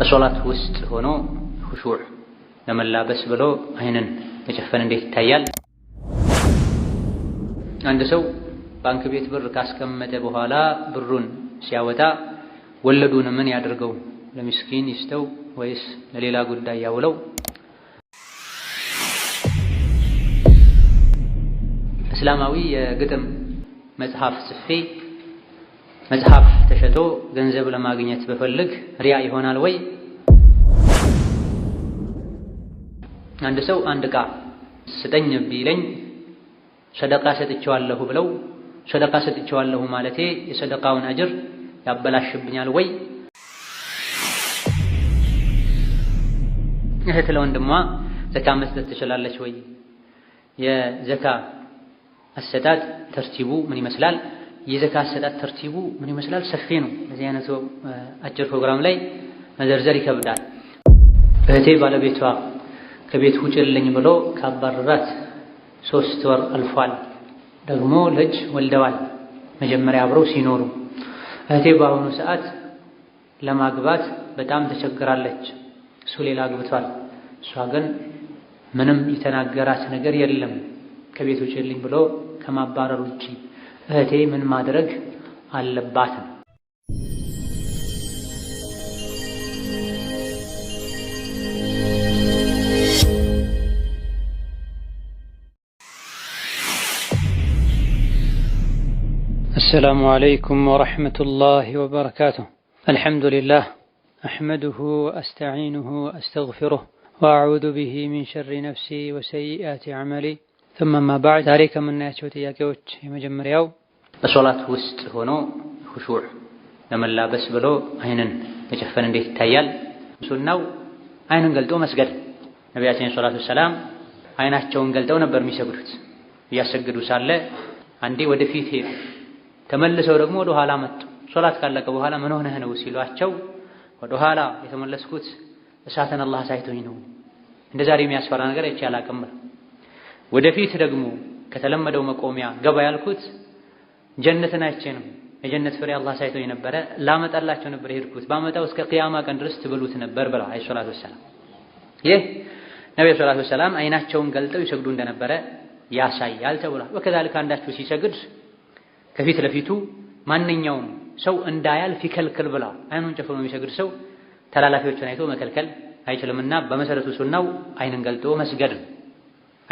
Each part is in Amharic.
በሶላት ውስጥ ሆኖ ሁሹዕ ለመላበስ ብሎ አይንን መጨፈን እንዴት ይታያል? አንድ ሰው ባንክ ቤት ብር ካስቀመጠ በኋላ ብሩን ሲያወጣ ወለዱን ምን ያደርገው? ለሚስኪን ይስተው ወይስ ለሌላ ጉዳይ ያውለው? እስላማዊ የግጥም መጽሐፍ ጽፌ መጽሐፍ ተሸጦ ገንዘብ ለማግኘት በፈልግ ሪያ ይሆናል ወይ? አንድ ሰው አንድ ዕቃ ስጠኝ ቢለኝ ሰደቃ ሰጥቼዋለሁ ብለው ሰደቃ ሰጥቼዋለሁ ማለቴ የሰደቃውን አጅር ያበላሽብኛል ወይ? እህት ለወንድሟ ዘካ መስጠት ትችላለች ወይ? የዘካ አሰጣጥ ተርቲቡ ምን ይመስላል? የዘካ አሰጣጥ ተርቲቡ ምን ይመስላል? ሰፊ ነው። በዚህ አይነቱ አጭር ፕሮግራም ላይ መዘርዘር ይከብዳል። እህቴ ባለቤቷ ከቤት ውጭልኝ ብሎ ካባረራት ሶስት ወር አልፏል። ደግሞ ልጅ ወልደዋል። መጀመሪያ አብረው ሲኖሩ እህቴ በአሁኑ ሰዓት ለማግባት በጣም ተቸግራለች። እሱ ሌላ አግብቷል። እሷ ግን ምንም የተናገራት ነገር የለም ከቤት ውጭልኝ ብሎ ከማባረር ውጪ እህቴ ምን ማድረግ አለባትም? السلام عليكم ورحمة الله وبركاته الحمد لله أحمده وأستعينه وأستغفره وأعوذ به من شر نفسي وسيئات عملي ثم ما بعد عليك من ناتشو تياكوش يا مجمريو በሶላት ውስጥ ሆኖ ሁሹዕ ለመላበስ ብሎ አይንን መጨፈን እንዴት ይታያል? ሱናው አይንን ገልጦ መስገድ። ነቢያችን ሰላቱ ሰላም አይናቸውን ገልጠው ነበር የሚሰግዱት። እያሰግዱ ሳለ አንዴ ወደፊት ሄዱ፣ ተመልሰው ደግሞ ወደ ኋላ መጡ። ሶላት ካለቀ በኋላ ምን ሆነህ ነው ሲሏቸው ወደ ኋላ የተመለስኩት እሳትን አላህ ሳይቶኝ ነው፣ እንደ ዛሬ የሚያስፈራ ነገር አይቼ አላቅም። ወደፊት ደግሞ ከተለመደው መቆሚያ ገባ ያልኩት ጀነትን አይቼ ነው የጀነት ፍሬ አላህ ሳይቶ የነበረ ላመጣላቸው ነበር የሄድኩት ባመጣው እስከ ቅያማ ቀን ድረስ ትበሉት ነበር ብላ አይ ሰላቱ ወሰላም ይህ ነብዩ ሰላቱ ወሰላም አይናቸውን ገልጠው ይሰግዱ እንደነበረ ያሳያል ተብሏል። ወከዛልክ አንዳችሁ ሲሰግድ ከፊት ለፊቱ ማንኛውም ሰው እንዳያል ፊከልክል ብለ አይኑን ጨፍኖ የሚሰግድ ሰው ተላላፊዎችን አይቶ መከልከል አይችልምና በመሰረቱ ሱናው አይንን ገልጦ መስገድ ነው።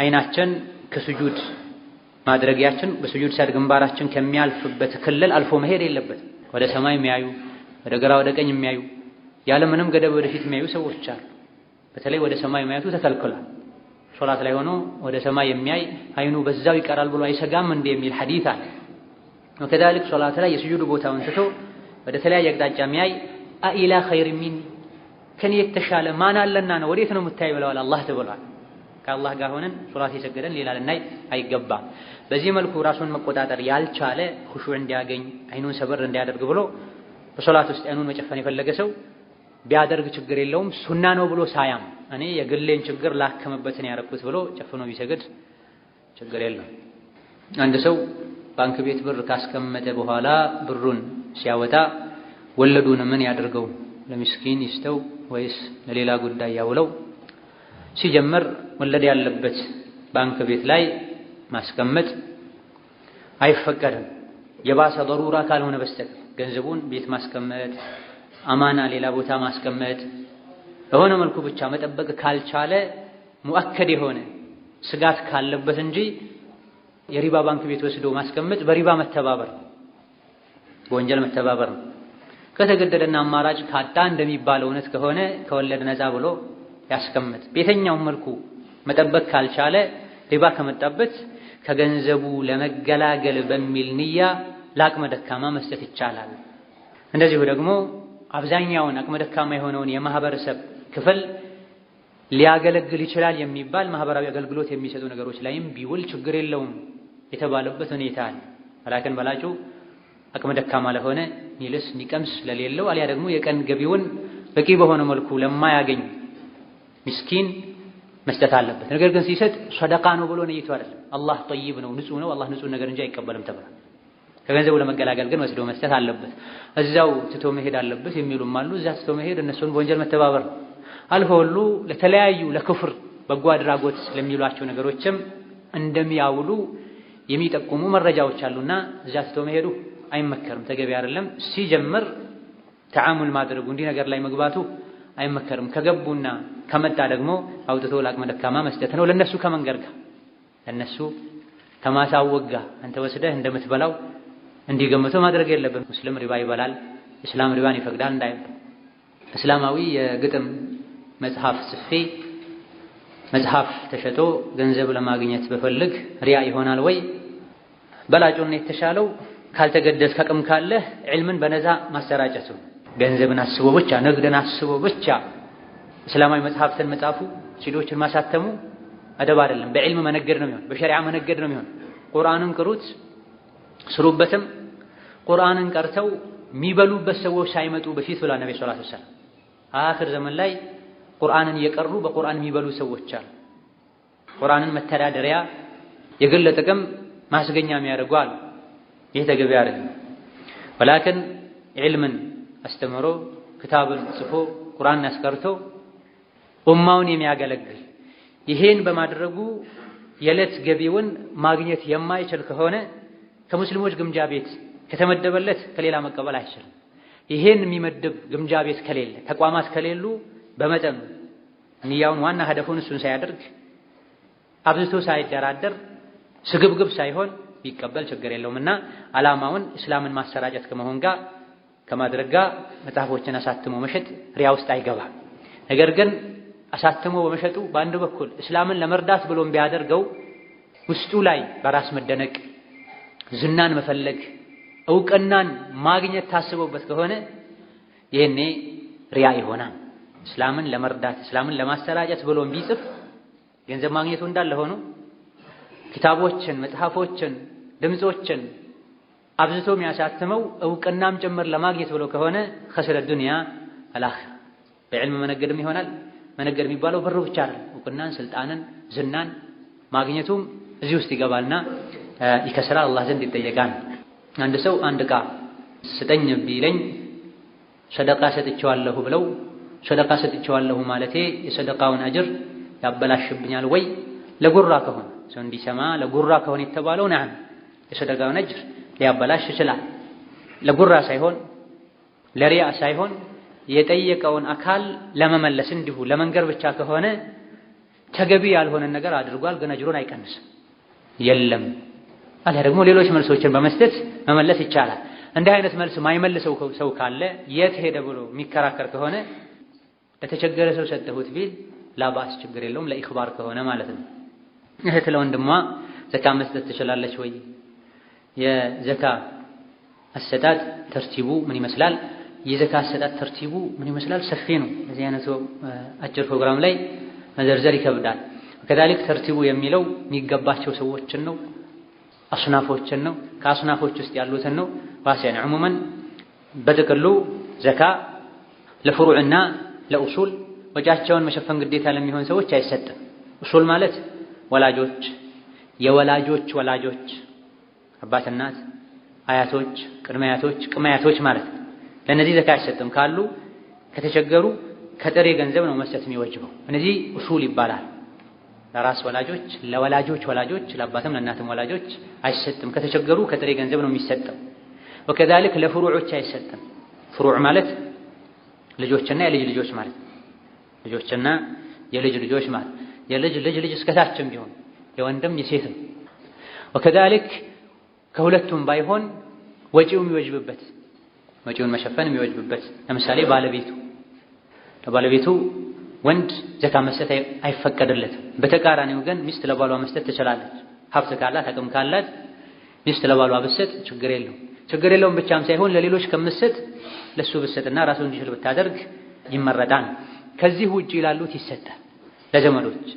አይናችን ከስጁድ ማድረጊያችን በሱጁድ ሲያድ ግንባራችን ከሚያልፍበት ክልል አልፎ መሄድ የለበትም። ወደ ሰማይ የሚያዩ ወደ ግራ ወደ ቀኝ የሚያዩ ያለ ምንም ገደብ ወደፊት የሚያዩ ሰዎች አሉ። በተለይ ወደ ሰማይ ማየቱ ተከልክሏል። ሶላት ላይ ሆኖ ወደ ሰማይ የሚያይ አይኑ በዛው ይቀራል ብሎ አይሰጋም እንደ የሚል ሐዲት አለ። ወከዛሊክ ሶላት ላይ የሱጁድ ቦታውን ትቶ ወደ ተለያየ አቅጣጫ የሚያይ አኢላ ኸይር ሚኒ ከኔ የተሻለ ማን አለና ነው ወዴት ነው የምታይ ብለዋል አላህ ትብሏል። ከአላህ ጋር ሆነን ሶላት የሰገደን ሌላ ልናይ አይገባም። በዚህ መልኩ ራሱን መቆጣጠር ያልቻለ ሁሹዕ እንዲያገኝ አይኑን ሰበር እንዲያደርግ ብሎ በሶላት ውስጥ አይኑን መጨፈን የፈለገ ሰው ቢያደርግ ችግር የለውም። ሱና ነው ብሎ ሳያም እኔ የግሌን ችግር ላከመበትን ያረኩት ብሎ ጨፍኖ ቢሰግድ ችግር የለም። አንድ ሰው ባንክ ቤት ብር ካስቀመጠ በኋላ ብሩን ሲያወጣ ወለዱን ምን ያደርገው? ለሚስኪን ይስተው ወይስ ለሌላ ጉዳይ ያውለው? ሲጀምር ወለድ ያለበት ባንክ ቤት ላይ ማስቀመጥ አይፈቀድም። የባሰ ደሩራ ካልሆነ በስተቀር ገንዘቡን ቤት ማስቀመጥ፣ አማና ሌላ ቦታ ማስቀመጥ፣ በሆነ መልኩ ብቻ መጠበቅ ካልቻለ ሙአከድ የሆነ ስጋት ካለበት እንጂ የሪባ ባንክ ቤት ወስዶ ማስቀመጥ በሪባ መተባበር በወንጀል መተባበር ነው። ከተገደደና አማራጭ ካጣ እንደሚባለው እውነት ከሆነ ከወለድ ነፃ ብሎ ያስቀምጥ። በየትኛውም መልኩ መጠበቅ ካልቻለ ሪባ ከመጣበት ከገንዘቡ ለመገላገል በሚል ንያ ለአቅመ ደካማ መስጠት ይቻላል። እንደዚሁ ደግሞ አብዛኛውን አቅመ ደካማ የሆነውን የማህበረሰብ ክፍል ሊያገለግል ይችላል የሚባል ማህበራዊ አገልግሎት የሚሰጡ ነገሮች ላይም ቢውል ችግር የለውም የተባለበት ሁኔታ አለ። መላከን በላጩ አቅመ ደካማ ለሆነ ኒልስ ኒቀምስ ለሌለው አሊያ ደግሞ የቀን ገቢውን በቂ በሆነ መልኩ ለማያገኝ ምስኪን መስጠት አለበት። ነገር ግን ሲሰጥ ሰደቃ ነው ብሎ ነይቶ አይደለም። አላህ ጠይብ ነው፣ ንጹህ ነው። አላህ ንጹህ ነገር እንጂ አይቀበልም ተብሏል። ከገንዘቡ ለመገላገል ግን ወስዶ መስጠት አለበት። እዛው ትቶ መሄድ አለበት የሚሉም አሉ። እዛ ትቶ መሄድ እነሱን በወንጀል መተባበር ነው። አልፎ ሁሉ ለተለያዩ ለክፍር በጎ አድራጎት ለሚሏቸው ነገሮችም እንደሚያውሉ የሚጠቁሙ መረጃዎች አሉና እዛ ትቶ መሄዱ አይመከርም፣ ተገቢ አይደለም። ሲጀምር ተዓሙል ማድረጉ እንዲህ ነገር ላይ መግባቱ አይመከርም ከገቡና ከመጣ ደግሞ አውጥቶ ለአቅመ ደካማ መስጠት ነው። ለነሱ ከመንገር ጋር ለነሱ ከማሳወቅ ጋር አንተ ወስደህ እንደምትበላው እንዲገምቱ ማድረግ የለብን። ሙስሊም ሪባ ይበላል፣ እስላም ሪባን ይፈቅዳል እንዳይባል እስላማዊ የግጥም መጽሐፍ ጽፌ መጽሐፍ ተሸጦ ገንዘብ ለማግኘት በፈልግ ሪያ ይሆናል ወይ? በላጩን የተሻለው ካልተገደስ ከቅም ካለህ ዕልምን በነዛ ማሰራጨቱ ገንዘብን አስቦ ብቻ ንግድን አስቦ ብቻ እስላማዊ መጽሐፍትን መጻፉ፣ ሲዲዎችን ማሳተሙ አደብ አይደለም። በዕልም መነገድ ነው የሚሆን፣ በሸሪዓ መነገድ ነው የሚሆን። ቁርአንን ቅሩት፣ ስሩበትም። ቁርአንን ቀርተው የሚበሉበት ሰዎች ሳይመጡ በፊት ብላ ነብይ ሰለላሁ ዐለይሂ ወሰለም ዘመን ላይ ቁርአንን እየቀሩ በቁርአን የሚበሉ ሰዎች አሉ። ቁርአንን መተዳደሪያ የግል ጥቅም ማስገኛ የሚያደርጉ አሉ። ይህ ተገቢ አይደለም። ወላክን ዕልምን አስተምሮ ክታብን ጽፎ ቁርአንን አስቀርቶ ኡማውን የሚያገለግል ይሄን በማድረጉ የዕለት ገቢውን ማግኘት የማይችል ከሆነ ከሙስሊሞች ግምጃ ቤት ከተመደበለት ከሌላ መቀበል አይችልም። ይሄን የሚመድብ ግምጃ ቤት ከሌለ ተቋማት ከሌሉ በመጠኑ ንያውን ዋና ሀደፉን እሱን ሳያደርግ አብዝቶ ሳይደራደር ስግብግብ ሳይሆን ቢቀበል ችግር የለውም እና ዓላማውን እስላምን ማሰራጨት ከመሆን ጋር ከማድረግ ጋር መጽሐፎችን አሳትሞ መሸጥ ሪያ ውስጥ አይገባም። ነገር ግን አሳትሞ በመሸጡ በአንድ በኩል እስላምን ለመርዳት ብሎም ቢያደርገው ውስጡ ላይ በራስ መደነቅ፣ ዝናን መፈለግ፣ እውቅናን ማግኘት ታስቦበት ከሆነ ይህኔ ሪያ ይሆናል። እስላምን ለመርዳት እስላምን ለማሰራጨት ብሎም ቢጽፍ ገንዘብ ማግኘቱ እንዳለ ሆኖ ኪታቦችን፣ መጽሐፎችን፣ ድምፆችን አብዝቶ የሚያሳትመው እውቅናም ጭምር ለማግኘት ብሎ ከሆነ ከስረ ዱንያ አላህ በዕልም መነገድም ይሆናል መነገድ የሚባለው ብር ብቻ አይደለም። እውቅናን፣ ስልጣንን፣ ዝናን ማግኘቱም እዚህ ውስጥ ይገባልና ይከስራል፣ አላህ ዘንድ ይጠየቃል። አንድ ሰው አንድ ዕቃ ስጠኝ ቢለኝ ሰደቃ ሰጥቼዋለሁ ብለው ሰደቃ ሰጥቼዋለሁ ማለቴ የሰደቃውን አጅር ያበላሽብኛል ወይ? ለጉራ ከሆነ ሰው እንዲሰማ ለጉራ ከሆነ የተባለው ነዓም የሰደቃውን አጅር ሊያበላሽ ይችላል። ለጉራ ሳይሆን ለሪያ ሳይሆን የጠየቀውን አካል ለመመለስ እንዲሁ ለመንገር ብቻ ከሆነ ተገቢ ያልሆነን ነገር አድርጓል፣ ግን አጅሩን አይቀንስም። የለም አለ ደግሞ ሌሎች መልሶችን በመስጠት መመለስ ይቻላል። እንዲህ አይነት መልስ ማይመልሰው ሰው ካለ የት ሄደ ብሎ የሚከራከር ከሆነ ለተቸገረ ሰው ሰጠሁት ቢል ላባስ ችግር የለውም ለኢኽባር ከሆነ ማለት ነው። እህት ለወንድሟ ዘካ መስጠት ትችላለች ወይ? የዘካ አሰጣጥ ተርቲቡ ምን ይመስላል? የዘካ አሰጣት ተርቲቡ ምን ይመስላል? ሰፊ ነው። እዚህ አይነቱ አጭር ፕሮግራም ላይ መዘርዘር ይከብዳል። ከዛሊክ ተርቲቡ የሚለው የሚገባቸው ሰዎችን ነው፣ አስናፎችን ነው፣ ከአስናፎች ውስጥ ያሉትን ነው። ባሲያን ዑሙመን በጥቅሉ ዘካ ለፍሩዕና ለኡሱል ወጪያቸውን መሸፈን ግዴታ ለሚሆን ሰዎች አይሰጥም። ኡሱል ማለት ወላጆች፣ የወላጆች ወላጆች አባት፣ እናት፣ አያቶች፣ ቅድመ አያቶች፣ አያቶች ማለት ነው። ለእነዚህ ዘካ አይሰጥም ካሉ ከተቸገሩ ከጥሬ ገንዘብ ነው መስጠት የሚወጅበው። እነዚህ ኡሱል ይባላል። ለራስ ወላጆች፣ ለወላጆች ወላጆች፣ ለአባትም ለእናትም ወላጆች አይሰጥም። ከተቸገሩ ከጥሬ ገንዘብ ነው የሚሰጠው። ወከዛልክ ለፍሩዖች አይሰጥም። ፍሩዕ ማለት ልጆችና የልጅ ልጆች ማለት ልጆችና የልጅ ልጆች ማለት የልጅ ልጅ ልጅ እስከታችም ቢሆን የወንድም የሴትም ወከዛልክ ከሁለቱም ባይሆን ወጪው የሚወጅብበት ወጪውን መሸፈን የሚወጅብበት ለምሳሌ ባለቤቱ ለባለቤቱ ወንድ ዘካ መስጠት አይፈቀድለትም። በተቃራኒው ግን ሚስት ለባሏ መስጠት ትችላለች። ሀብት ካላት አቅም ካላት ሚስት ለባሏ ብትሰጥ ችግር የለው። ችግር የለውም ብቻም ሳይሆን ለሌሎች ከምትሰጥ ለሱ ብትሰጥና ራሱን እንዲችል ብታደርግ ይመረጣል። ከዚህ ውጪ ላሉት ይሰጣል፣ ለዘመዶች።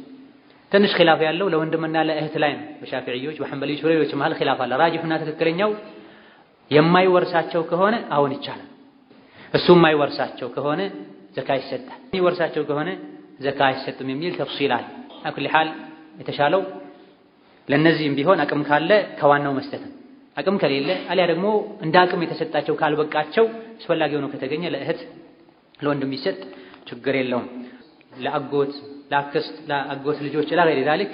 ትንሽ ኺላፍ ያለው ለወንድምና ለእህት ላይ ነው። በሻፊዕዮች በሐንበሊዎች በሌሎች መሃል ኺላፍ አለ። ራጅሑና ትክክለኛው የማይወርሳቸው ከሆነ አሁን ይቻላል። እሱ የማይወርሳቸው ከሆነ ዘካ ይሰጣል። የሚወርሳቸው ከሆነ ዘካ አይሰጥም የሚል ተፍሲል አለ። አኩል ሐል የተሻለው ለነዚህም ቢሆን አቅም ካለ ከዋናው መስጠት ነው። አቅም ከሌለ አሊያ ደግሞ እንደ አቅም የተሰጣቸው ካልበቃቸው አስፈላጊ ሆኖ ከተገኘ ለእህት ለወንድም ይሰጥ ችግር የለውም። ለአጎት ለአክስት ለአጎት ልጆች ላገሬ ዳልክ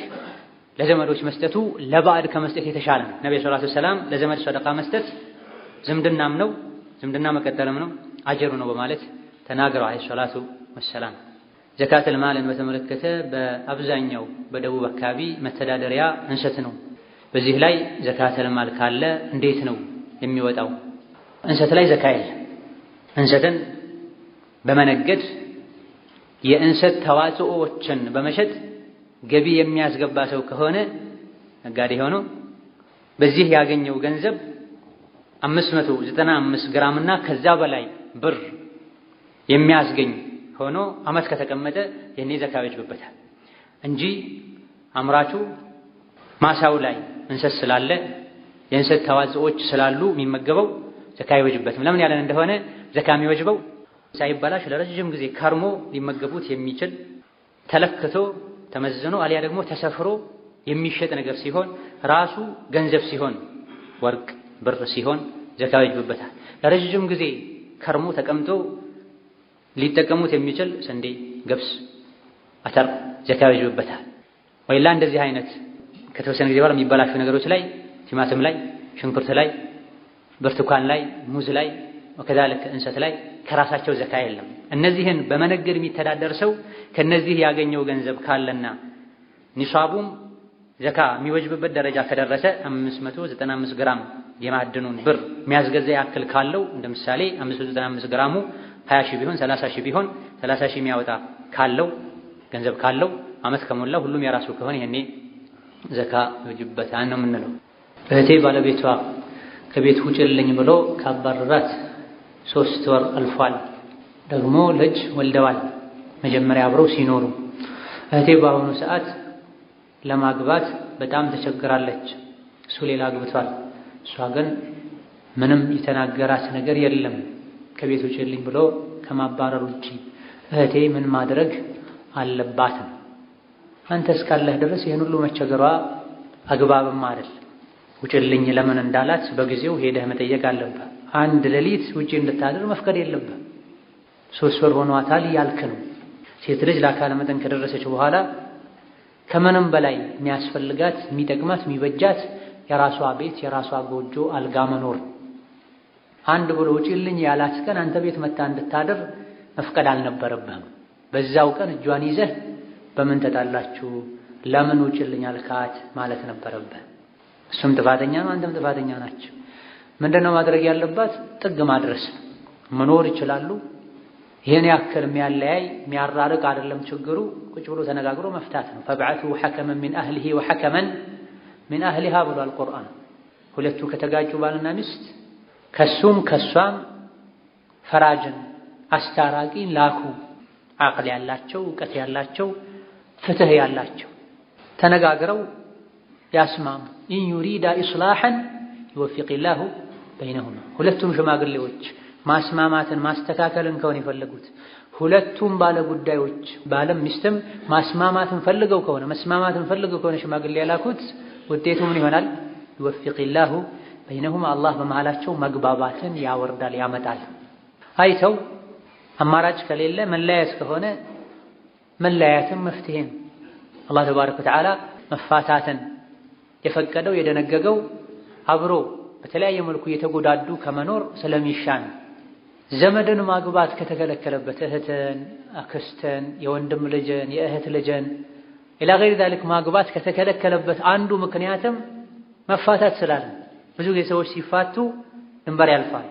ለዘመዶች መስጠቱ ለባዕድ ከመስጠት የተሻለ ነው። ነብዩ ሰለላሁ ዐለይሂ ወሰለም ለዘመድ ሰደቃ መስጠት ዝምድናም ነው፣ ዝምድና መቀጠልም ነው፣ አጀሩ ነው በማለት ተናግረው አለይሂ ሰላቱ ወሰላም። ዘካተል ማልን በተመለከተ በአብዛኛው በደቡብ አካባቢ መተዳደሪያ እንሰት ነው። በዚህ ላይ ዘካተል ማል ካለ እንዴት ነው የሚወጣው? እንሰት ላይ ዘካ እንሰትን በመነገድ የእንሰት ተዋጽኦዎችን በመሸጥ ገቢ የሚያስገባ ሰው ከሆነ ነጋዴ ሆኖ በዚህ ያገኘው ገንዘብ አምስት መቶ ዘጠና አምስት እና ከዛ በላይ ብር የሚያስገኝ ሆኖ አመት ከተቀመጠ የኔ ዘካ ይወጅብበታል እንጂ አምራቹ ማሳው ላይ እንሰት ስላለ የእንሰት ተዋጽኦዎች ስላሉ የሚመገበው ዘካ ይወጅበትም። ለምን ያለን እንደሆነ ዘካ የሚወጅበው ሳይበላሽ ለረጅም ጊዜ ከርሞ ሊመገቡት የሚችል ተለክቶ ተመዝኖ አሊያ ደግሞ ተሰፍሮ የሚሸጥ ነገር ሲሆን ራሱ ገንዘብ ሲሆን ወርቅ ብር ሲሆን ዘካ ይወጅብበታል። ለረጅም ጊዜ ከርሞ ተቀምጦ ሊጠቀሙት የሚችል ስንዴ፣ ገብስ፣ አተር ዘካ ይወጅብበታል። ወይላ እንደዚህ አይነት ከተወሰነ ጊዜ በኋላ የሚበላሹ ነገሮች ላይ ቲማቲም ላይ፣ ሽንኩርት ላይ፣ ብርቱካን ላይ፣ ሙዝ ላይ ወከዛልክ እንሰት ላይ ከራሳቸው ዘካ የለም። እነዚህን በመነገድ የሚተዳደር ሰው ከነዚህ ያገኘው ገንዘብ ካለና ኒሷቡም ዘካ የሚወጅብበት ደረጃ ከደረሰ 595 ግራም የማዕድኑን ብር የሚያስገዛ ያክል ካለው እንደ ምሳሌ 595 ግራሙ 20 ሺህ ቢሆን 30 ሺህ ቢሆን 30 ሺህ የሚያወጣ ካለው ገንዘብ ካለው አመት ከሞላ ሁሉም የራሱ ከሆነ ይሄኔ ዘካ ይወጅብበታል ነው የምንለው። እህቴ ባለቤቷ ከቤት ውጭልኝ ብሎ ካባረራት ሶስት ወር አልፏል። ደግሞ ልጅ ወልደዋል። መጀመሪያ አብረው ሲኖሩ እህቴ በአሁኑ ሰዓት ለማግባት በጣም ተቸግራለች። እሱ ሌላ አግብቷል። እሷ ግን ምንም የተናገራት ነገር የለም ከቤት ውጭልኝ ብሎ ከማባረር ውጪ። እህቴ ምን ማድረግ አለባትም? አንተ እስካለህ ድረስ ይህን ሁሉ መቸገሯ አግባብም አይደል። ውጭልኝ ለምን እንዳላት በጊዜው ሄደህ መጠየቅ አለብህ። አንድ ሌሊት ውጪ እንድታደር መፍቀድ የለብህ። ሶስት ወር ሆኗታል ያልክ ነው። ሴት ልጅ ለአካለ መጠን ከደረሰች በኋላ ከምንም በላይ የሚያስፈልጋት የሚጠቅማት የሚበጃት የራሷ ቤት የራሷ ጎጆ አልጋ መኖር አንድ ብሎ ውጪልኝ ያላት ቀን አንተ ቤት መታ እንድታደር መፍቀድ አልነበረብህም። በዛው ቀን እጇን ይዘህ በምን ተጣላችሁ ለምን ውጭልኝ አልካት ማለት ነበረብህ። እሱም ጥፋተኛ ነው፣ አንተም ጥፋተኛ ናቸው። ምንድነው ማድረግ ያለባት? ጥግ ማድረስ። መኖር ይችላሉ ይህን ያክል የሚያለያይ የሚያራርቅ አይደለም ችግሩ። ቁጭ ብሎ ተነጋግሮ መፍታት ነው። ፈብዐቱ ሐከመን ሚን አህሊሂ ወሐከመን ሚን አህሊሃ ብሏል ቁርአን። ሁለቱ ከተጋጩ ባልና ሚስት ከሱም ከሷም ፈራጅን አስታራቂን ላኩ። አቅል ያላቸው እውቀት ያላቸው ፍትህ ያላቸው ተነጋግረው ያስማሙ። ኢን ዩሪዳ ኢስላሐን ይወፊቅላሁ በይነሁማ ሁለቱም ሽማግሌዎች ማስማማትን ማስተካከልን ከሆነ የፈለጉት ሁለቱም ባለ ጉዳዮች ባለም ሚስትም ማስማማትን ፈልገው ከሆነ መስማማትን ፈልገው ከሆነ ሽማግሌ ያላኩት ውጤቱ ምን ይሆናል? ይወፊቅላሁ በይነሁም አላህ በመሃላቸው መግባባትን ያወርዳል ያመጣል። አይተው አማራጭ ከሌለ መለያየት ከሆነ መለያየትም መፍትሄ ነው። አላህ ተባረከ ወተዓላ መፋታትን የፈቀደው የደነገገው አብሮ በተለያየ መልኩ እየተጎዳዱ ከመኖር ስለሚሻ ነው። ዘመድን ማግባት ከተከለከለበት እህትን፣ አክስትን፣ የወንድም ልጅን፣ የእህት ልጅን ኢላ ገይር ዛሊክ ማግባት ከተከለከለበት አንዱ ምክንያትም መፋታት ስላለ ብዙ ጊዜ ሰዎች ሲፋቱ ድንበር ያልፋል።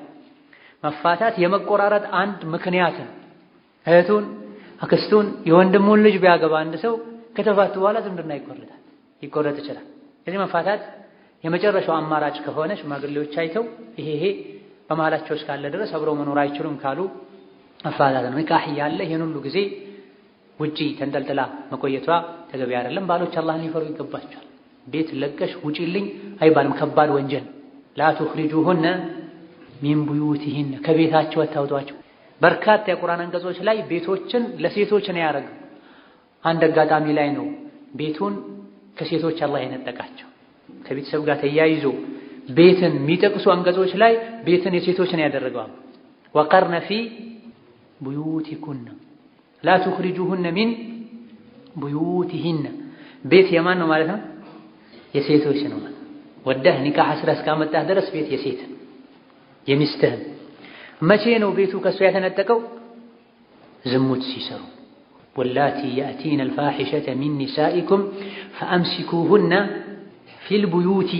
መፋታት የመቆራረጥ አንድ ምክንያት እህቱን፣ አክስቱን፣ የወንድሙን ልጅ ቢያገባ አንድ ሰው ከተፋቱ በኋላ ዝምድና ይቆረጣል ይቆረጥ ይችላል። ስለዚህ መፋታት የመጨረሻው አማራጭ ከሆነ ሽማግሌዎች አይተው ይሄ በመሃላቸው እስካለ ድረስ አብረው መኖር አይችሉም ካሉ መፋታት ነው። ኒካህ እያለ ይህን ሁሉ ጊዜ ውጪ ተንጠልጥላ መቆየቷ ተገቢ አይደለም። ባሎች አላህን ሊፈሩ ይገባቸዋል። ቤት ለቀሽ ውጪልኝ አይባልም፣ ከባድ ወንጀል። ላቱኽሪጁሁነ ሚን ቡዩቲሂን ከቤታቸው አታውጧቸው። በርካታ የቁርአን አንቀጾች ላይ ቤቶችን ለሴቶች ነው ያደረገው። አንድ አጋጣሚ ላይ ነው ቤቱን ከሴቶች አላህ የነጠቃቸው ከቤተሰብ ጋር ተያይዞ ቤትን የሚጠቅሱ አንቀጾች ላይ ቤትን የሴቶች ነው ያደረገው። ወቀርነ ፊ ቡዩቲኩነ ላ ቱኽሪጁሁነ ሚን ቡዩቲሂነ ቤት የማን ነው ማለት ነው? የሴቶች ነው። ወደህ ኒካህ አስረህ እስካመጣህ ድረስ ቤት የሴት የሚስትህን። መቼ ነው ቤቱ ከእሷ የተነጠቀው? ዝሙት ሲሰሩ ወላቲ የእቲነ አልፋሒሸተ ሚን ኒሳኢኩም ፈአምሲኩሁነ ፊልቡዩቲ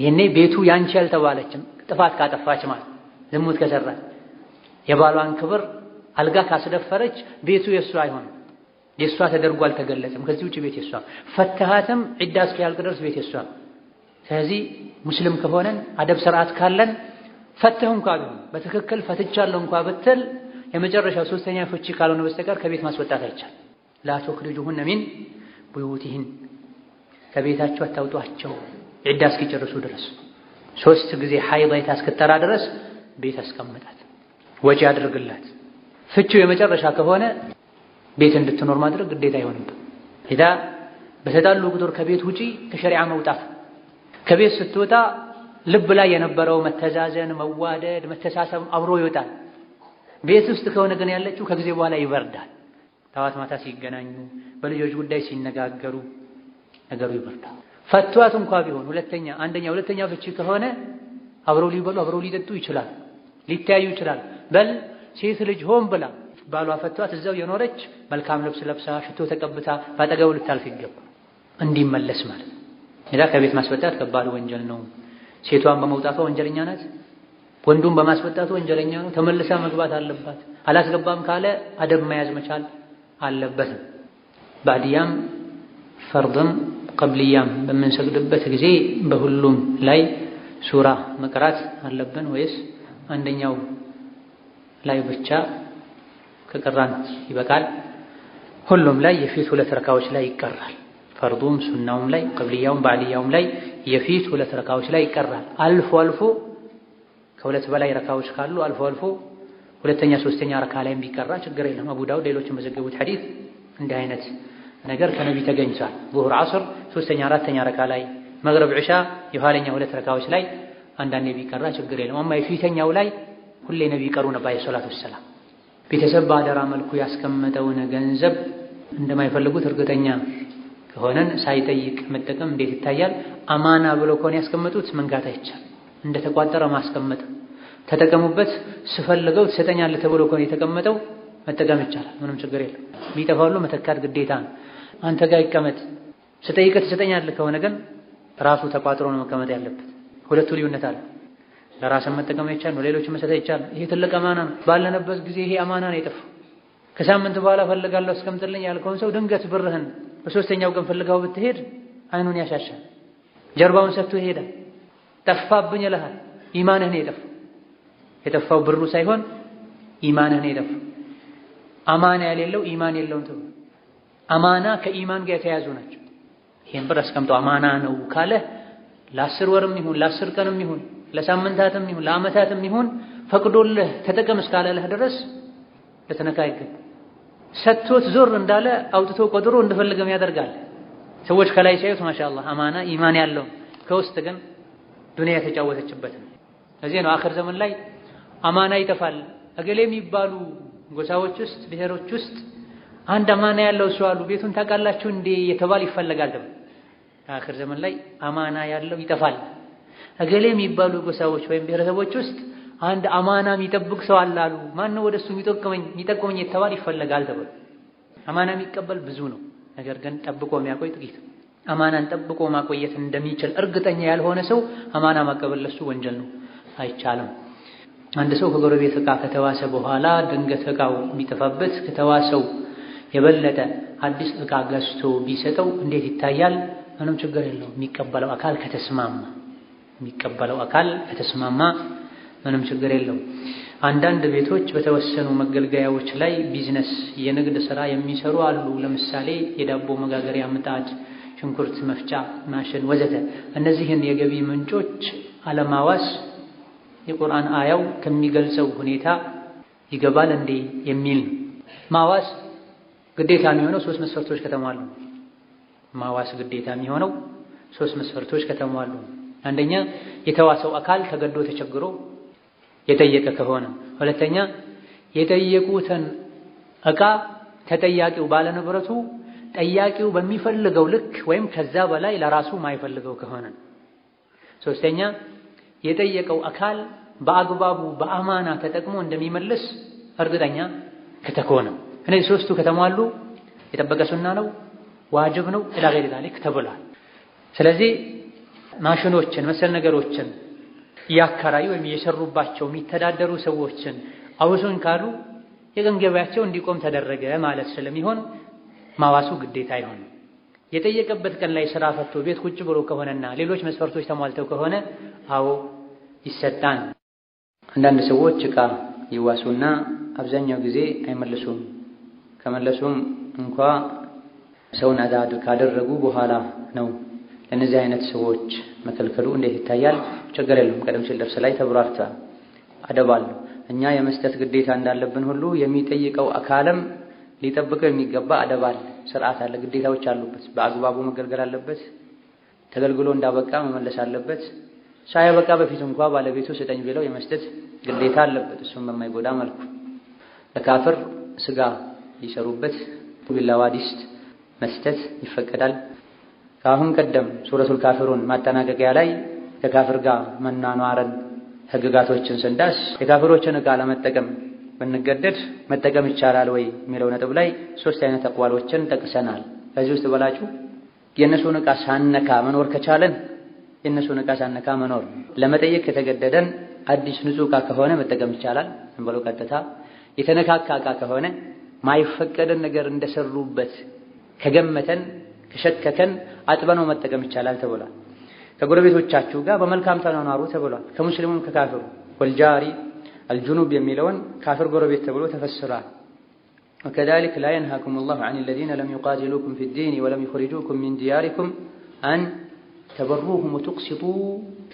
ይህኔ ቤቱ ያንቺ አልተባለችም። ጥፋት ካጠፋች ማለት ዝሙት ከሰራች የባሏን ክብር አልጋ ካስደፈረች ቤቱ የእሷ አይሆንም። የእሷ ተደርጎ አልተገለጸም። ከዚህ ውጭ ቤት የእሷ ፈተሃትም ዒዳ እስኪያልቅ ድረስ ቤት የእሷ። ስለዚህ ሙስሊም ከሆነን አደብ ስርዓት ካለን ፈትህ እንኳ ቢሆን በትክክል ፈትቻለሁ እንኳ ብትል የመጨረሻው ሶስተኛ ፍቺ ካልሆነ በስተቀር ከቤት ማስወጣት አይቻል። ላ ቱኽሪጁሁነ ሚን ቡዩቲሂን ከቤታቸው አታውጧቸው። ዒዳ እስኪጨርሱ ድረስ ሶስት ጊዜ ሐይድ አይታ እስክትጠራ ድረስ ቤት አስቀምጣት፣ ወጪ አድርግላት። ፍቺው የመጨረሻ ከሆነ ቤት እንድትኖር ማድረግ ግዴታ አይሆንም። ዒዳ በተጣሉ ቁጥር ከቤት ውጪ ከሸሪዓ መውጣት ከቤት ስትወጣ ልብ ላይ የነበረው መተዛዘን፣ መዋደድ፣ መተሳሰብ አብሮ ይወጣል። ቤት ውስጥ ከሆነ ግን ያለችው ከጊዜ በኋላ ይበርዳል። ጠዋት ማታ ሲገናኙ፣ በልጆች ጉዳይ ሲነጋገሩ ነገሩ ይበርዳል። ፈቷት እንኳ ቢሆን ሁለተኛ አንደኛ ሁለተኛ ፍቺ ከሆነ አብረው ሊበሉ አብረው ሊጠጡ ይችላል፣ ሊተያዩ ይችላል። በል ሴት ልጅ ሆን ብላ ባሏ ፈቷት እዛው የኖረች መልካም ልብስ ለብሳ ሽቶ ተቀብታ ባጠገቡ ልታልፍ ይገባ እንዲመለስ ማለት ሌላ ከቤት ማስወጣት ከባድ ወንጀል ነው። ሴቷን በመውጣቷ ወንጀለኛ ናት። ወንዱን በማስወጣቱ ወንጀለኛ ነው። ተመልሳ መግባት አለባት። አላስገባም ካለ አደብ መያዝ መቻል አለበትም። ባዲያም ፈርድም ቀብልያም በምንሰግድበት ጊዜ በሁሉም ላይ ሱራ መቅራት አለብን ወይስ አንደኛው ላይ ብቻ ከቀራን ይበቃል? ሁሉም ላይ የፊት ሁለት ረካዎች ላይ ይቀራል። ፈርዱም ሱናውም ላይ ቀብልያውም ባዕድያውም ላይ የፊት ሁለት ረካዎች ላይ ይቀራል። አልፎ አልፎ ከሁለት በላይ ረካዎች ካሉ አልፎ አልፎ ሁለተኛ ሶስተኛ ረካ ላይም ቢቀራ ችግር የለም። አቡ ዳውድ ሌሎች የመዘገቡት ሐዲስ እንዲህ አይነት ነገር ከነቢይ ተገኝቷል። ዙሁር፣ ዓስር ሶስተኛ አራተኛ ረካ ላይ መግረብ፣ ዕሻ የኋለኛ ሁለት ረካዎች ላይ አንዳንዴ ቢቀራ ችግር የለም። አማ የፊተኛው ላይ ሁሌ ነቢይ ቀሩ ነበር አለይሂ ሰላቱ ወሰላም። ቤተሰብ በአደራ መልኩ ያስቀመጠውን ገንዘብ እንደማይፈልጉት እርግጠኛ ከሆነን ሳይጠይቅ መጠቀም እንዴት ይታያል? አማና ብሎ ከሆነ ያስቀመጡት መንካት አይቻል፣ እንደ ተቋጠረ ማስቀመጥ ተጠቀሙበት፣ ስፈልገው ትሰጠኛለህ ተብሎ ከሆነ የተቀመጠው መጠቀም ይቻላል። ምንም ችግር የለም። ቢጠፋ ሁሉ መተካት ግዴታ ነው። አንተ ጋር ይቀመጥ ስጠይቅህ ትሰጠኛለህ ከሆነ ግን ራሱ ተቋጥሮ ነው መቀመጥ ያለበት። ሁለቱ ልዩነት አለ። ለራስን መጠቀም ይቻል ነው፣ ሌሎችን መሰጠት ይቻል። ይሄ ትልቅ አማና ነው። ባለንበት ጊዜ ይሄ አማና ነው የጠፋው። ከሳምንት በኋላ ፈልጋለሁ እስከምጥልኝ ያልከውን ሰው ድንገት ብርህን በሶስተኛው ቀን ፈልጋው ብትሄድ አይኑን ያሻሻል፣ ጀርባውን ሰጥቶ ይሄዳል። ጠፋብኝ ይልሃል። ኢማንህ ነው የጠፋው። የጠፋው ብሩ ሳይሆን ኢማንህ ነው የጠፋው። አማና የሌለው ኢማን የለውም ተብሎ አማና ከኢማን ጋር የተያዙ ናቸው። ይህን ብር አስቀምጠው አማና ነው ካለ ለአስር ወርም ይሁን ለአስር ቀንም ይሁን ለሳምንታትም ይሁን ለዓመታትም ይሁን ፈቅዶልህ ተጠቀም እስካላለህ ድረስ ልትነካ አይገባም። ሰጥቶት ዞር እንዳለ አውጥቶ ቆጥሮ እንደፈለገም ያደርጋል። ሰዎች ከላይ ሲያዩት ማሻአላህ አማና ኢማን ያለው ከውስጥ ግን ዱንያ የተጫወተችበት ነው። ለዚህ ነው አክር ዘመን ላይ አማና ይጠፋል። እገሌ የሚባሉ ጎሳዎች ውስጥ ብሔሮች ውስጥ አንድ አማና ያለው እሱ አሉ ቤቱን ታውቃላችሁ እንዴ የተባል ይፈለጋል ተብሎ አክር ዘመን ላይ አማና ያለው ይጠፋል። እገሌ የሚባሉ ጎሳዎች ወይም ብሔረሰቦች ውስጥ አንድ አማና የሚጠብቅ ሰው አለ አሉ። ነው ወደሱ የሚጠቁመኝ የሚጠቁመኝ የተባል ይፈለጋል ተብሎ አማና የሚቀበል ብዙ ነው። ነገር ግን ጠብቆ የሚያቆይ ጥቂት። አማናን ጠብቆ ማቆየት እንደሚችል እርግጠኛ ያልሆነ ሰው አማና ማቀበል ለሱ ወንጀል ነው፣ አይቻልም። አንድ ሰው ከጎረቤት እቃ ከተዋሰ በኋላ ድንገት እቃው የሚጠፋበት ከተዋሰው የበለጠ አዲስ ዕቃ ገዝቶ ቢሰጠው እንዴት ይታያል? ምንም ችግር የለውም። የሚቀበለው አካል ከተስማማ የሚቀበለው አካል ከተስማማ ምንም ችግር የለውም። አንዳንድ ቤቶች በተወሰኑ መገልገያዎች ላይ ቢዝነስ የንግድ ስራ የሚሰሩ አሉ። ለምሳሌ የዳቦ መጋገሪያ ምጣድ፣ ሽንኩርት መፍጫ ማሽን ወዘተ። እነዚህን የገቢ ምንጮች አለማዋስ የቁርአን አያው ከሚገልጸው ሁኔታ ይገባል እንዴ የሚል ማዋስ ግዴታ የሚሆነው ሶስት መስፈርቶች ከተሟሉ ማዋስ ግዴታ የሚሆነው ሶስት መስፈርቶች ከተሟሉ፣ አንደኛ የተዋሰው አካል ተገዶ ተቸግሮ የጠየቀ ከሆነ፣ ሁለተኛ የጠየቁትን እቃ ተጠያቂው ባለንብረቱ ጠያቂው በሚፈልገው ልክ ወይም ከዛ በላይ ለራሱ ማይፈልገው ከሆነ፣ ሶስተኛ የጠየቀው አካል በአግባቡ በአማና ተጠቅሞ እንደሚመልስ እርግጠኛ ከተኮነ እነዚህ ሶስቱ ከተሟሉ የጠበቀ ሱና ነው፣ ዋጅብ ነው፣ ኢላ ገይሪ ዛሊክ ተብሏል። ስለዚህ ማሽኖችን መሰል ነገሮችን እያከራዩ ወይም እየሰሩባቸው የሚተዳደሩ ሰዎችን አውሱን ካሉ የቀን ገበያቸው እንዲቆም ተደረገ ማለት ስለሚሆን ማዋሱ ግዴታ አይሆንም። የጠየቀበት ቀን ላይ ስራ ፈቶ ቤት ቁጭ ብሎ ከሆነና ሌሎች መስፈርቶች ተሟልተው ከሆነ አዎ ይሰጣን አንዳንድ ሰዎች እቃ ይዋሱና አብዛኛው ጊዜ አይመልሱም። ከመለሱም እንኳ ሰውን አዛ ካደረጉ በኋላ ነው ለእነዚህ አይነት ሰዎች መከልከሉ እንዴት ይታያል? ችግር የለውም። ቀደም ሲል ደርስ ላይ ተብራርቷል። አደብ አለው። እኛ የመስጠት ግዴታ እንዳለብን ሁሉ የሚጠይቀው አካልም ሊጠብቀው የሚገባ አደብ አለ፣ ስርዓት አለ፣ ግዴታዎች አሉበት። በአግባቡ መገልገል አለበት። ተገልግሎ እንዳበቃ መመለስ አለበት። ሳያበቃ በፊት እንኳ ባለቤቱ ስጠኝ ቢለው የመስጠት ግዴታ አለበት። እሱም በማይጎዳ መልኩ ለካፍር ስጋ ሊሰሩበት ቢላዋ መስጠት ይፈቀዳል። ከአሁን ቀደም ሱረቱል ካፊሩን ማጠናቀቂያ ላይ ከካፍር ጋር መኗኗርን ህግጋቶችን ስንዳስ የካፍሮችን ዕቃ ለመጠቀም ብንገደድ መጠቀም ይቻላል ወይ የሚለው ነጥብ ላይ ሶስት አይነት አቋሎችን ጠቅሰናል። ከዚህ ውስጥ በላጩ የእነሱን ዕቃ ሳነካ መኖር ከቻለን የእነሱን ዕቃ ሳነካ መኖር ለመጠየቅ የተገደደን አዲስ ንጹህ ዕቃ ከሆነ መጠቀም ይቻላል። እንበለው ቀጥታ የተነካካ ዕቃ ከሆነ ما يفكر النجار اندسر روبت كجمة كشكة أتبنى ما تكمل شلال تقولا كقول بيتو تشاتشو جا بمل كام تانا نارو تقولا كمسلمون ككافر والجاري الجنوب يميلون كافر قول بيت تقولوا تفسرا وكذلك لا ينهاكم الله عن الذين لم يقاتلوكم في الدين ولم يخرجوكم من دياركم أن تبروهم وتقسطوا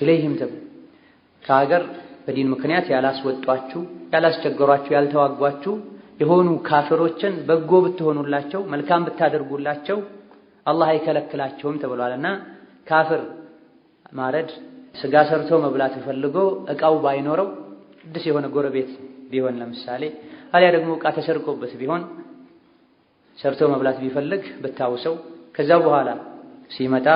إليهم تب كاجر بدين مكنياتي على أسود تواتشو على أسجد قراتشو على የሆኑ ካፍሮችን በጎ ብትሆኑላቸው መልካም ብታደርጉላቸው አላህ አይከለክላቸውም ተብሏልና ካፍር ማረድ ስጋ ሰርቶ መብላት ፈልጎ እቃው ባይኖረው ድስ የሆነ ጎረቤት ቢሆን ለምሳሌ አሊያ ደግሞ እቃ ተሰርቆበት ቢሆን ሰርቶ መብላት ቢፈልግ ብታውሰው ከዛ በኋላ ሲመጣ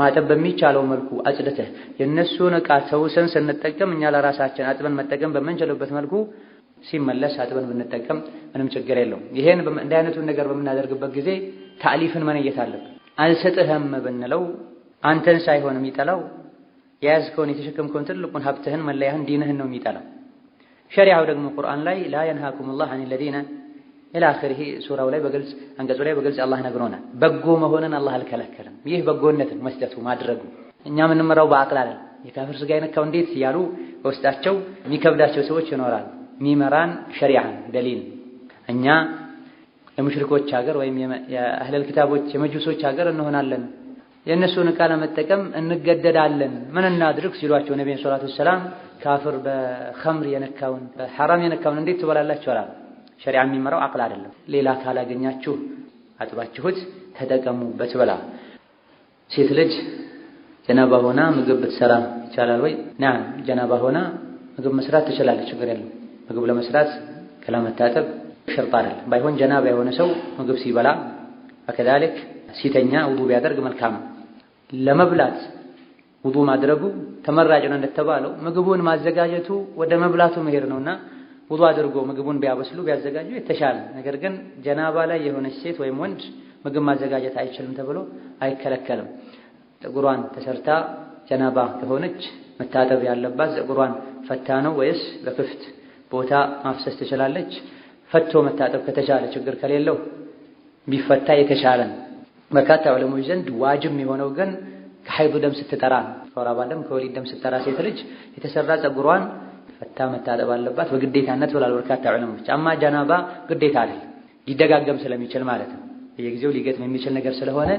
ማጠብ በሚቻለው መልኩ አጽድተህ የእነሱን እቃ ተውሰን ስንጠቀም እኛ ለራሳችን አጥበን መጠቀም በምንችልበት መልኩ ሲመለስ አጥበን ብንጠቀም ምንም ችግር የለውም። ይሄን እንደ አይነቱን ነገር በምናደርግበት ጊዜ ታዕሊፍን መነየት አለብን። አልሰጥህም ብንለው አንተን ሳይሆን የሚጠላው የያዝከውን የተሸከምከውን ትልቁን ሀብትህን መለያህን ዲንህን ነው የሚጠላው። ሸሪዓው ደግሞ ቁርአን ላይ ላ የንሃኩሙላህ አን ለዚነ ኢላ አኺሪሂ ሱራው ላይ በግልጽ አንቀጹ ላይ በግልጽ አላህ ነግሮናል። በጎ መሆንን አላህ አልከለከለም። ይህ በጎነትን መስጠቱ ማድረጉ እኛ የምንመራው በአቅል አለ የካፍር ስጋ ይነካው እንዴት እያሉ በውስጣቸው የሚከብዳቸው ሰዎች ይኖራሉ። ሚመራን ሸሪዓን ደሊል እኛ የሙሽሪኮች ሀገር ወይም የአህለል ክታቦች የመጁሶች ሀገር እንሆናለን፣ የእነሱን ዕቃ ለመጠቀም እንገደዳለን፣ ምን እናድርግ ሲሏቸው ነቢዩ ሰላቱ ሰላም ካፍር በኸምር የነካውን በሐራም የነካውን እንዴት ትበላላችሁ? አላሉ። ሸሪዓ የሚመራው አቅል አይደለም። ሌላ ካላገኛችሁ አጥባችሁት ተጠቀሙበት ብላ ሴት ልጅ ጀናባ ሆና ምግብ ብትሰራ ይቻላል ወይ? ና ጀናባ ሆና ምግብ መስራት ትችላለች፣ ችግር የለም። ምግብ ለመስራት ገላ መታጠብ ሽርጥ አይደለም። ባይሆን ጀናባ የሆነ ሰው ምግብ ሲበላ ከዛልክ ሲተኛ ውዱ ቢያደርግ መልካም። ለመብላት ውዱ ማድረጉ ተመራጭ ነው እንደተባለው ምግቡን ማዘጋጀቱ ወደ መብላቱ መሄድ ነውና ውዱ አድርጎ ምግቡን ቢያበስሉ ቢያዘጋጁ የተሻለ። ነገር ግን ጀናባ ላይ የሆነች ሴት ወይም ወንድ ምግብ ማዘጋጀት አይችልም ተብሎ አይከለከልም። ጥቁሯን ተሰርታ ጀናባ ከሆነች መታጠብ ያለባት ፀጉሯን ፈታ ነው ወይስ በክፍት ቦታ ማፍሰስ ትችላለች። ፈቶ መታጠብ ከተቻለ ችግር ከሌለው ቢፈታ የተሻለ ነው። በርካታ ዑለሞች ዘንድ ዋጅም የሆነው ግን ከሐይዱ ደም ስትጠራ ነው። ከወራባ ደም ከወሊድ ደም ስትጠራ ሴት ልጅ የተሰራ ጸጉሯን ፈታ መታጠብ አለባት በግዴታነት ብሏል በርካታ ዑለሞች። አማ ጀናባ ግዴታ አይደል፣ ሊደጋገም ስለሚችል ማለት ነው። በየጊዜው ሊገጥም የሚችል ነገር ስለሆነ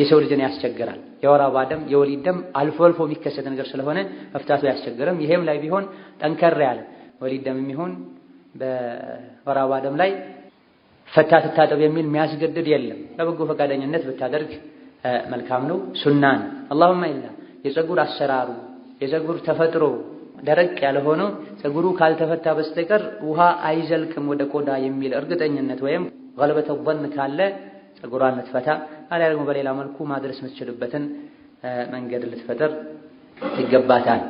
የሰው ልጅን ያስቸግራል። የወራባ ደም የወሊድ ደም አልፎ አልፎ የሚከሰት ነገር ስለሆነ መፍታቱ አያስቸግርም። ይሄም ላይ ቢሆን ጠንከር ያለ ወሊድ ደም የሚሆን በወራባ ደም ላይ ፈታ ትታጠብ የሚል የሚያስገድድ የለም። ለበጎ ፈቃደኝነት ብታደርግ መልካም ነው፣ ሱና ነው። አላሁማ ኢላ የፀጉር አሰራሩ የፀጉር ተፈጥሮ ደረቅ ያለ ሆኖ ፀጉሩ ካልተፈታ በስተቀር ውሃ አይዘልቅም ወደ ቆዳ የሚል እርግጠኝነት ወይም ገለበተ ወን ካለ ፀጉሯን ልትፈታ አሊያ ደግሞ በሌላ መልኩ ማድረስ የምትችልበትን መንገድ ልትፈጥር ይገባታል።